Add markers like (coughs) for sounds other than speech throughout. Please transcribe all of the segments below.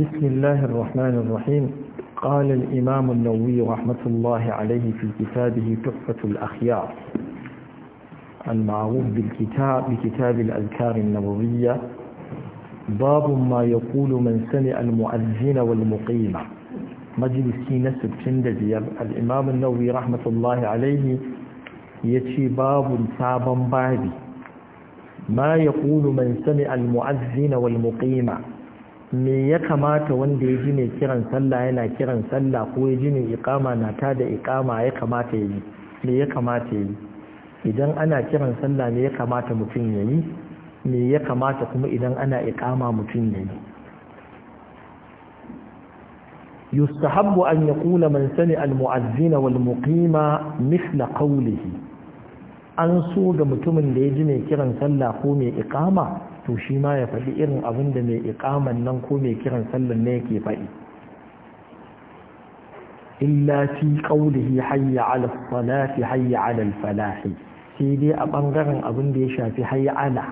بسم الله الرحمن الرحيم قال الإمام النووي رحمة الله عليه في كتابه تحفة الأخيار المعروف بالكتاب بكتاب الأذكار النووية باب ما يقول من سمع المؤذن والمقيم مجلس نسب شندبير الإمام النووي رحمة الله عليه يتشي باب صعبا بعدي ما يقول من سمع المؤذن والمقيم me ya kamata wanda ya ji mai kiran sallah yana kiran sallah ko ya ji mai ikama na ta da ikama ya kamata ya yi me ya kamata ya yi idan ana kiran sallah me ya kamata mutum ya yi me ya kamata kuma idan ana ikama mutum ya yi yustahabbu an yaqula man sami al-mu'azzina wal muqima mithla qawlihi an so ga mutumin da ya ji mai kiran sallah ko mai ikama to shi ma ya faɗi irin abin da mai iƙaman nan ko mai kiran sallan ne yake faɗi illa fi qawlihi hayya 'ala as-salati hayya 'ala al sai dai a bangaren abin da ya shafi hayya 'ala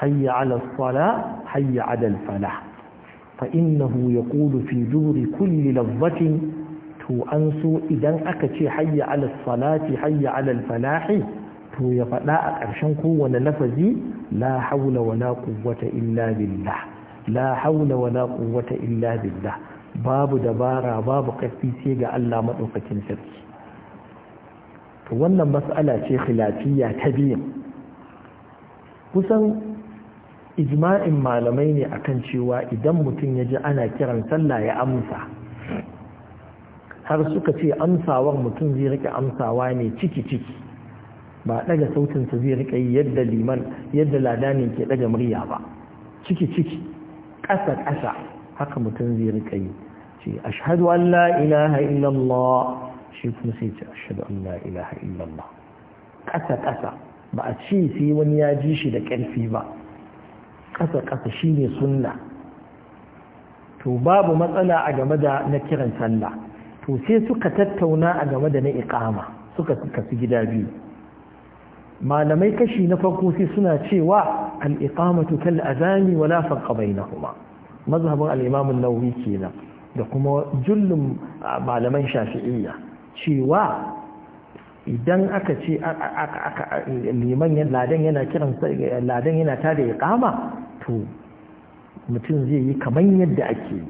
hayya 'ala as-sala hayya 'ala al-falah fa innahu yaqulu fi duburi kulli lafzatin to an so idan aka ce hayya ala salati hayya ala falahi to ya faɗa a ƙarshen kowane lafazi la haula wala quwwata illa billah la haula wala quwwata illa billah babu dabara babu kafi sai ga Allah madaukakin sarki to wannan mas'ala ce khilafiyya ta biyu kusan ijma'in malamai ne akan cewa idan mutum ya ji ana kiran sallah ya amsa har suka ce amsawar mutum zai riƙe amsawa ne ciki ciki ba daga sautin sa zai rika yadda liman yadda ladanin ke daga murya ba ciki ciki ƙasa ƙasa haka mutum zai rika yi ce ashhadu an la ilaha illallah shi kuma sai ce ashhadu an la ilaha illallah ƙasa ƙasa ba a ce sai wani ya ji shi da ƙarfi ba ƙasa ƙasa shine sunna to babu matsala a game da na kiran sallah to sai suka tattauna a game da na iƙama suka suka gida biyu malamai kashi na farko sai suna cewa al'iqamatu kal azani wala farqa bainahuma mazhabin al-imam an-nawawi kenan da kuma jullum malaman shafi'iyya cewa idan aka ce liman ladan yana kiran ladan yana tada iqama to mutum zai yi kaman yadda ake yi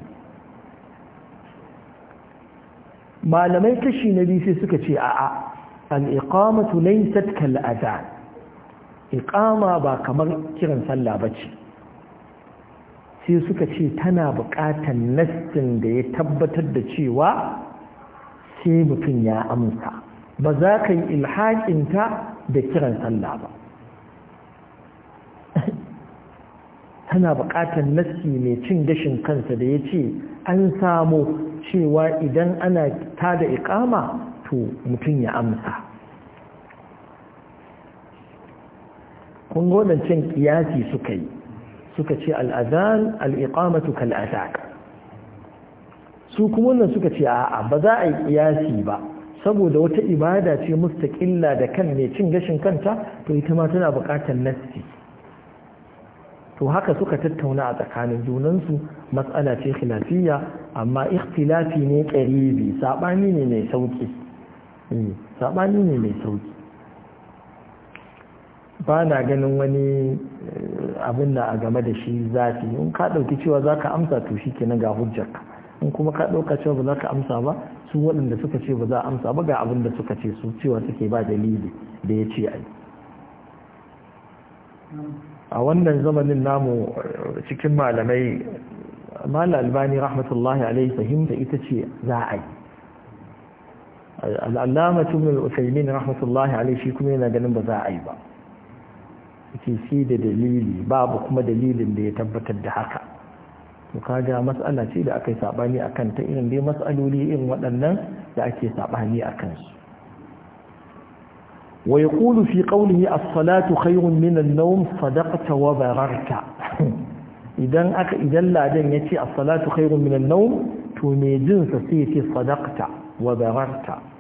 malamai kashi na biyu sai suka ce a'a al'iƙamatu laysat kal adhan iƙama ba kamar kiran sallah bace sai suka ce tana buƙatar nassin da ya tabbatar da cewa sai mutum ya amsa ba za ka yi ilhaƙinta da kiran sallah ba tana buƙatar nassi mai cin gashin kansa da ya ce an samu cewa idan ana tada iƙama to mutum ya amsa kun cin kiyasi suka yi suka ce al'azan al'iƙamatu kal'azak su kuma wannan suka ce a'a ba za a yi kiyasi ba saboda wata ibada ce mustaƙilla da kan mai cin gashin kanta to ita ma tana buƙatar nasti to haka suka tattauna a tsakanin junansu matsala ce khilafiyya amma ikhtilafi ne ƙaribi saɓani ne mai sauƙi saɓani ne mai sauki ba na ganin wani eh, abin na a game da shi zafi in ka ɗauki cewa za ka amsa to shi kenan ga hujjarka in kuma ka ɗauka cewa ba za ka amsa ba su waɗanda suka ce ba za a amsa ba ga abin da suka ce su cewa suke ba dalili da ya ce ai a wannan zamanin namu eh, cikin malamai malalbani rahmatullahi alaihi fahimta ita ce za a yi al'allama tun mai usaimin rahmatullahi alai shi kuma yana ganin ba za a yi ba ke shi da dalili babu kuma dalilin da ya tabbatar da haka to kaga matsala ce da aka yi saɓani a kan ta irin dai matsaloli irin waɗannan da ake saɓani a kansu wa ya ƙulu fi ƙaunihi a salatu khairun minan naum sadaqta wa bararta idan aka idan ladan ya ce a salatu khairun minan naum to mai jinsa sai ya ce sadaqta wa bararta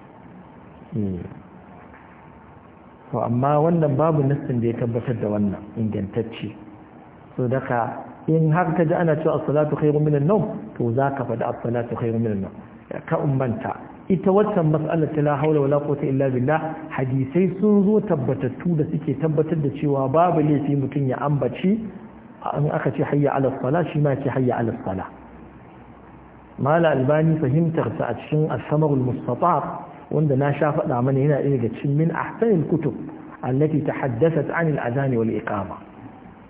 to amma wannan babu nassin da ya tabbatar da wannan ingantacce so daga in har ka ji ana cewa as-salatu khairu min an-nawm to zaka faɗi as-salatu khairu min an-nawm ka umbanta ita wannan mas'alar ta la haula wala quwwata illa billah hadisai sun zo tabbatattu da suke tabbatar da cewa babu laifi mutum ya ambaci an aka ce hayya ala sala shi ma ce hayya ala sala mala albani fahimtar sa a cikin as-samarul mustata' wanda na sha faɗa mana yana ɗaya daga cikin min ahsanil kutub allati tahaddathat anil azani wal iqama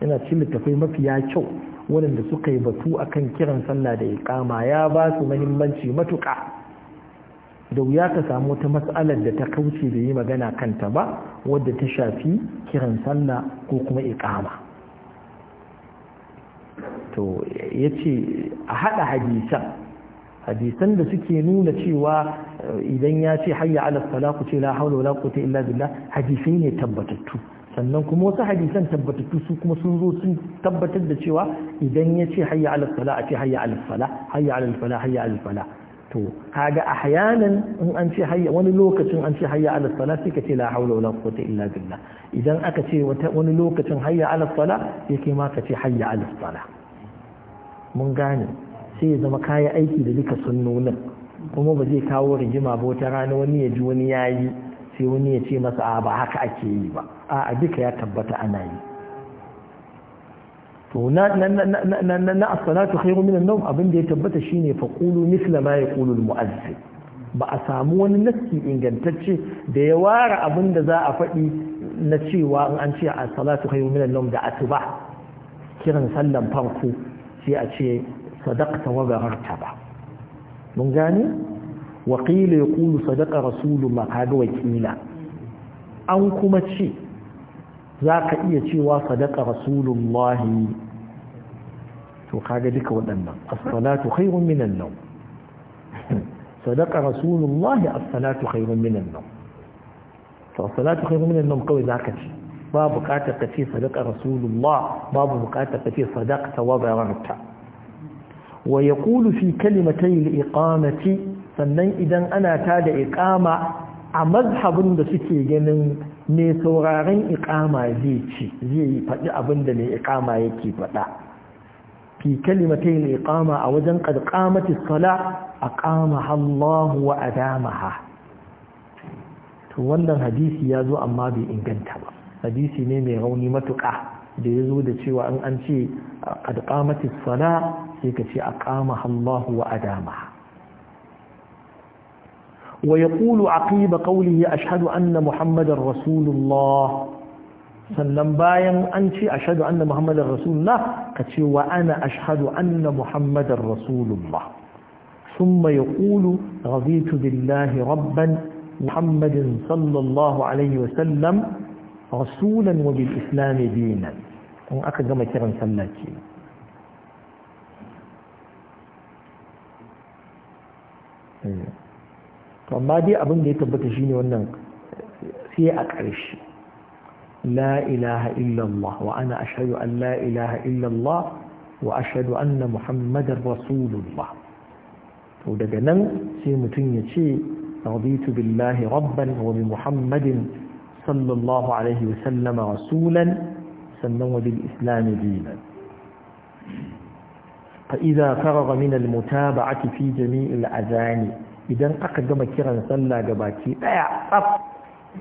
yana cikin littafai mafiya kyau waɗanda suka yi batu akan kiran sallah da iqama ya ba su muhimmanci matuƙa da wuya ka samu wata matsalar da ta kauce da yi magana kanta ba wadda ta shafi kiran sallah ko kuma iqama to yace a hada hadisan hadisan da suke nuna cewa eh, idan ya ce hayya ala sala ku ce la hawla wala quwwata illa billah hadisai ne tabbatattu sannan kuma wasu hadisan tabbatattu su kuma sun zo sun tabbatar da cewa idan ya ce hayya ala sala a ce hayya ala sala hayya ala sala hayya ala sala to kaga ahyanan in an ce hayya wani lokacin an ce hayya ala sala sai ka ce la hawla wala quwwata illa billah idan aka ce wani lokacin hayya ala sala yake ma ka ce hayya ala sala mun gane sai ya zama kayan aiki da duka sunnonin kuma ba zai kawo rigima ba wata rana wani ya ji wani ya yi sai wani ya ce masa a ba haka ake yi ba a duka ya tabbata ana yi to na as-salatu khairu min an-nawm abin da ya tabbata shine fa qulu misla ma yaqulu al-mu'azzin ba a samu wani nassi ingantacce da ya ware abin da za a faɗi na cewa in an ce as-salatu khairu min da asuba kiran sallan farko sai a ce sadaqta wa ghararta ba mun gane wakila ya kulu sadaka rasulullah kaga wakila an kuma ce za ka iya cewa sadaka rasulullahi. to kaga duka waɗannan as-salatu khairun minan nawm sadaka rasulullahi as-salatu khairun minan nawm to as-salatu khairun minan nawm kawai za ka ce ba bukatar ka ce sadaka rasulullah babu bukatar ka ce sadaqta wa ghararta wa ya kulu fi kalimatai ce sannan idan ana ta da a mazhabin da suke ganin mai sauraren iqama zai ce zai faɗi abin da mai iqama yake faɗa fi kalimatai iqama a wajen qadqamati sala aqamaha hallahu wa adamaha to wannan hadisi ya zo amma bai inganta ba hadisi ne mai rauni matuƙa da ya zo da cewa an an ce qad qamatis sala sai ka ce a aqamaha Allah wa adamaha wa yaqulu aqiba qawlihi ashhadu anna muhammadar rasulullah sannan bayan an ce ashhadu anna muhammadar rasulullah ka ce wa ana ashhadu anna muhammadar rasulullah ثم ya رضيت بالله ربا محمد صلى الله عليه وسلم رسولا وبالإسلام دينا أكد غمي كرن سلاكي فما دي أبن دي تبت جيني ونن في أكرش لا إله إلا الله وأنا أشهد أن لا إله إلا الله وأشهد أن محمد رسول الله ودقنن سيمتن يتي رضيت بالله ربا وبمحمد صلى الله عليه وسلم رسولا سنوا بالإسلام دينا فإذا فرغ من المتابعة في جميع الأذان إذا أقدم كرا صلى قباكي أعطف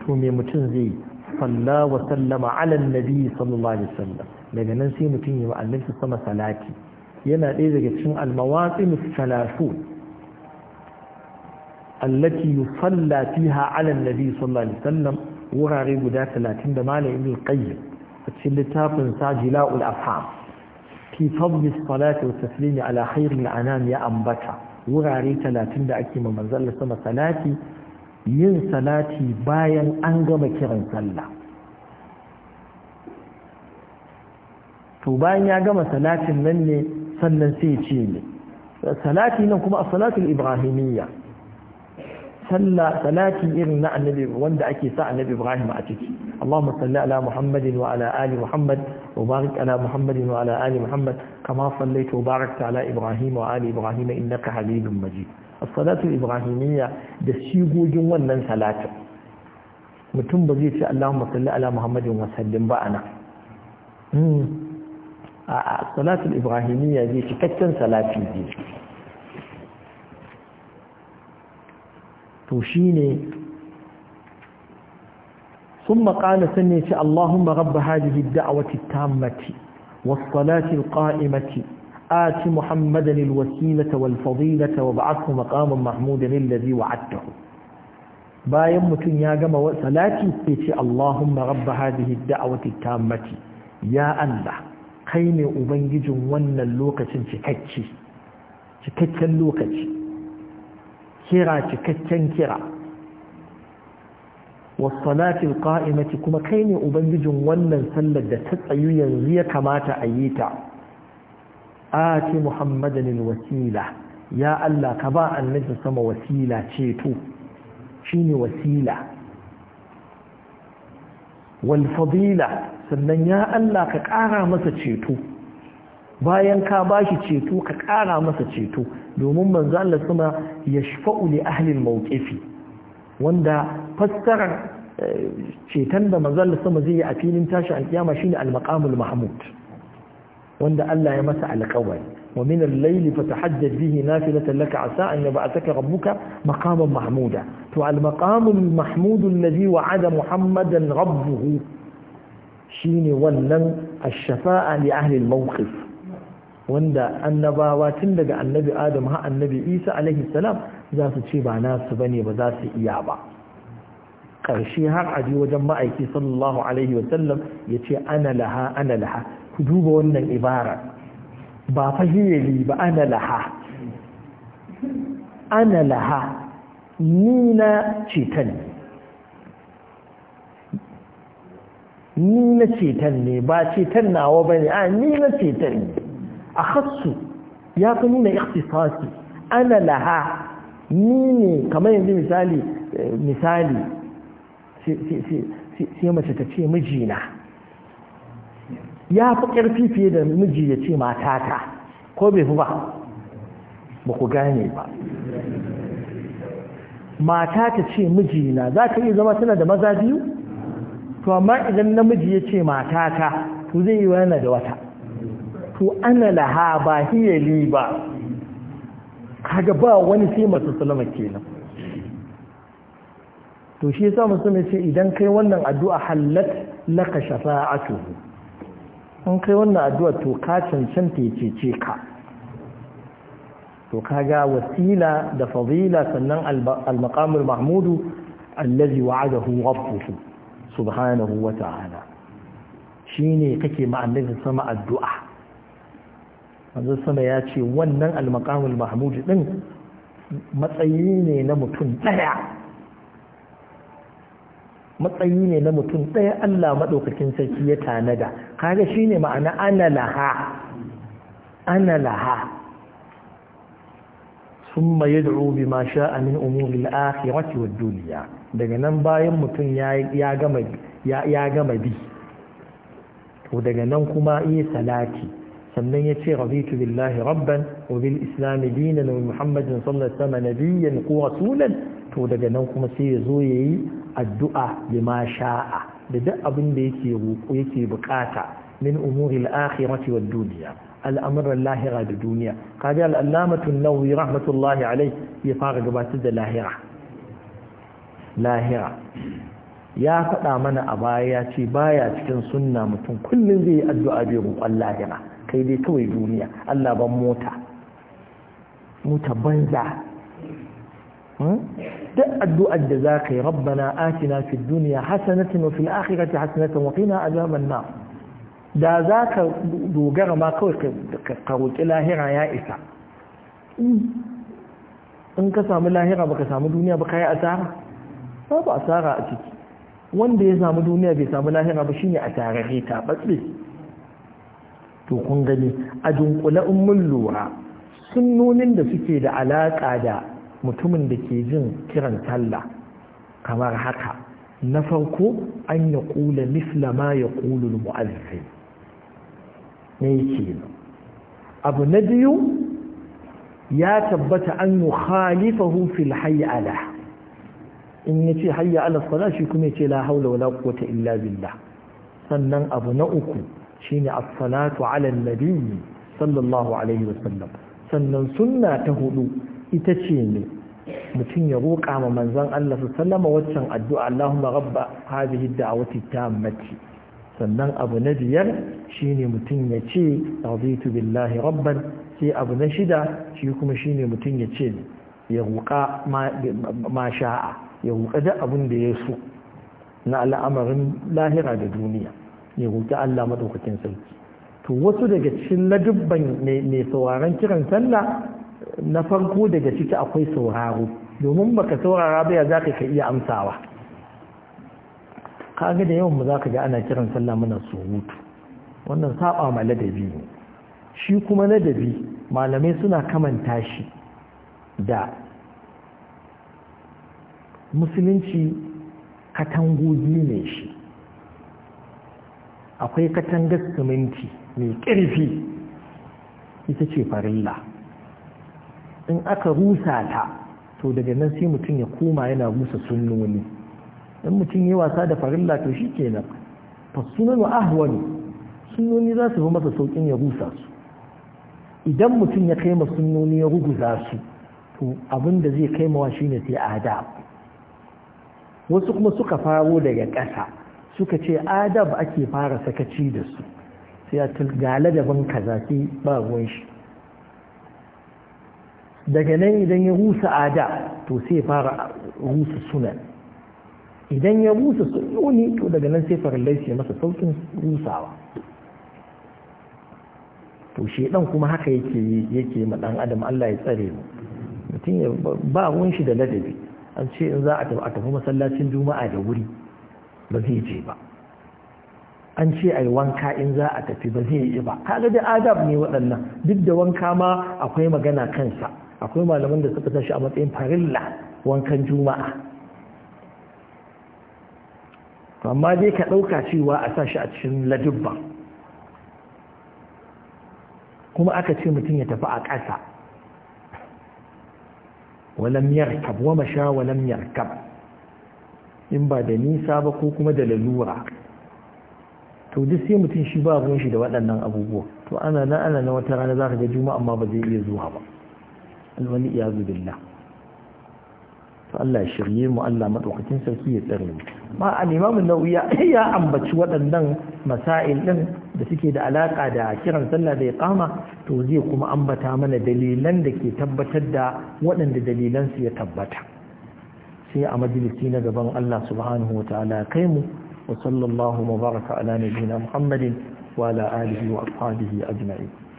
تومي متنزي صلى وسلم على النبي صلى الله عليه وسلم لأن ننسي متنزي وأننسي السماء صلاتي ينا إذا كتشن المواطن الثلاثون التي يصلى فيها على النبي صلى الله عليه وسلم wurare guda talatin da malam ibn qayyim a cikin littafin sa jila'ul afham fi fadli salati wa taslimi ala khairil anam ya ambata wurare talatin da ake ma manzon sama salati yin salati bayan an gama kiran sallah to bayan ya gama salatin nan ne sannan sai ce ne salati nan kuma a salatul ibrahimiyya sallah salati irin na annabi wanda ake sa annabi Ibrahim a ciki Allahumma salli ala Muhammadin wa ala ali Muhammad wa barik ala Muhammadin wa ala ali Muhammad kama sallaita wa barakta ala Ibrahim wa ali Ibrahim innaka Hamidum Majid as-salatu ibrahimiyya da shigogin wannan salatin mutum ba zai ce Allahumma salli ala Muhammadin wa sallim ba ana a hmm. salatul ibrahimiyya zai cikakken salati zai to shi ne sun makana sun ne ce Allahumma rabba hajji da'awati tammati wasalati alqa'imati ati muhammadan alwasilata walfadilata wa ba'athu maqaman mahmudan alladhi wa'adtahu bayan mutum ya gama salati sai ce Allahumma rabba hajji da'awati tammati ya Allah kai ne ubangijin wannan lokacin cikakke cikakken lokaci. kira cikakken kira wasalati alqa'imati kuma kai ne ubangijin wannan sallar da ta tsayu yanzu ya kamata a yi ta ati muhammadan wasila ya Allah ka ba annabi sama wasila ceto shine wasila wal fadila sannan ya Allah ka ƙara masa ceto bayan ka bashi ceto ka kara masa ceto domin manzo Allah sama yashfa'u li ahli al-mawqifi wanda fassara ceton da manzo Allah sama zai yi a filin tashi alkiyama shine al maqam al mahmud wanda Allah ya masa alƙawari asa an yab'athaka rabbuka maqaman mahmuda to al-maqam al-mahmud alladhi wa'ada muhammadan rabbuhu shine wannan ربه shafaa li ahli al-mawqifi wanda annabawa tun daga annabi adam har annabi isa alaihi salam za su ce ba nasu bane ba za su iya ba ƙarshe har a je wajen ma'aiki sallallahu alaihi wasallam ya ce ana laha ana laha ku duba wannan ibara ba fahimeli ba ana laha ana laha nina cetan ne nina cetan ne ba cetan nawa ba ne a nina cetan ne a ya fi nuna ikhtisasi ana laha ni ne kamar yanzu misali misali sai mace ta ce mijina ya fi ƙarfi fiye da miji ya ce matata ko bai fi ba ba ku gane ba mata ta ce mijina za ka iya zama tana da maza biyu to amma idan namiji ya ce matata to zai yi wani da wata to ana laha ba hiya li ba kaga ba wani sai masu salama kenan to shi yasa musulmi ce idan kai wannan addu'a halat laka shafa'atu in kai wannan addu'a to ka cancanta yace ce ka to kaga wasila da fadila sannan al-maqamul mahmudu allazi wa'adahu rabbuhu subhanahu wa ta'ala shine kake ma sama addu'a manzo sama ya ce wannan almakamul Mahmudu mahmud din matsayi ne na mutum daya matsayi ne na mutum daya Allah madaukakin sarki ya tanada kaga shine ma'ana ana laha ana laha rubi ma بما umuri من أمور wa duniya daga nan bayan mutum ya gama bi to daga nan kuma iya salati sannan ya ce rabitu billahi rabban wa bil islami dinan wa muhammadin sallallahu alaihi wasallam nabiyyan ko rasulan to daga nan kuma sai ya zo yayi addu'a ma sha'a da duk abin da yake roƙo yake bukata min umuri al-akhirati wad dunya lahira da duniya kaji al'allamatun nauyi rahmatullahi alai ya fara gabatar da lahira lahira ya faɗa mana a baya ce baya cikin sunna mutum kullum zai yi addu'a bai roƙon lahira kai dai kawai duniya Allah ban mota mota banza hmm? da addu'ar da za ka yi rabbana atina fi duniya hasanatin wa fil akhirati hasanatan wa qina azaban nar da za ka dogara ma kawai ka roƙi lahira ya isa hmm? in ka samu lahira baka samu duniya ba kai asara babu asara a ciki wanda ya samu duniya bai samu lahira ba shine a tarare ta batsi to kun gani a dunkule in mun lura sunnonin da suke da alaƙa da mutumin da ke jin kiran sallah kamar haka na farko an ya kula misla ma ya ƙulul mu'azzai ne ke abu na biyu ya tabbata an yi khalifahu fil hayyala in ya ce hayyala sala shi kuma ya ce la haula wala quwwata illa billah sannan abu na uku shine as-salatu ala nabi sallallahu alaihi wasallam sannan sunna ta hudu ita ce ne mutum ya roƙa ma manzon Allah sallama waccan addu'a Allahumma rabba hadhihi ad-da'wati tammati sannan abu na biyar shine mutum ya ce raditu billahi rabban sai abu na shida shi kuma shine mutum ya ce ya roƙa ma sha'a ya roƙa da abin da ya so na al'amarin lahira da duniya ya roƙi Allah maɗaukakin sarki to wasu daga cikin ladubban mai sauraron kiran sallah na farko daga ciki akwai sauraro domin baka saurara ba ya zaka ka iya amsawa kaga da yawan mu zaka ga ana kiran sallah muna surutu wannan saba ma ladabi ne shi kuma ladabi malamai suna kamanta shi da musulunci katangogi ne shi akwai katangar siminti mai ƙirfi ita ce farilla in aka rusa ta to daga nan sai mutum ya koma yana rusa sunoni. in mutum ya wasa da farilla to shi ke kenan fasunanu ahwani sunoni za su fi masa saukin ya rusa su idan mutum ya kai sunnoni ya ruguza su to abin da zai kai mawa shine sai adab wasu kuma suka faro daga ƙasa suka ce adab ake fara sakaci da su sai a ga ladabin kaza sai ba ruwan shi daga nan idan ya rusa ada to sai fara rusa sunan idan ya rusa sunoni to daga nan sai fara sai masa sautin rusawa to shedan kuma haka yake yake ma dan adam Allah ya tsare mu mutum ya ba ruwan shi da ladabi an ce in za a tafi masallacin juma'a da wuri ba zai je ba an ce a yi wanka in za a tafi ba zai yi ba kaga da adab ne waɗannan duk da wanka ma akwai magana kansa akwai malaman da suka tashi a matsayin farilla wankan juma'a amma dai ka ɗauka cewa a sa shi a cikin ladubba kuma aka ce mutum ya tafi a ƙasa walam yarkab wa masha walam yarkab in ba da nisa ba ko kuma da lalura to duk sai mutum shi ba shi da waɗannan abubuwa to ana na ana na wata rana za ka ga juma'a amma ba zai iya zuwa ba alwani iyazu billah to Allah ya shirye mu Allah madaukakin sarki ya tsare mu ma al-Imam nawawi (coughs) ya ambaci waɗannan masail din da suke da alaka da kiran sallah da iqama to zai kuma ambata mana dalilan da ke tabbatar da waɗanda dalilan su ya tabbata sai a majalisi na gaban Allah subhanahu wa ta'ala kai mu wa sallallahu mubaraka ala nabiyina Muhammadin wa ala alihi wa ashabihi ajma'in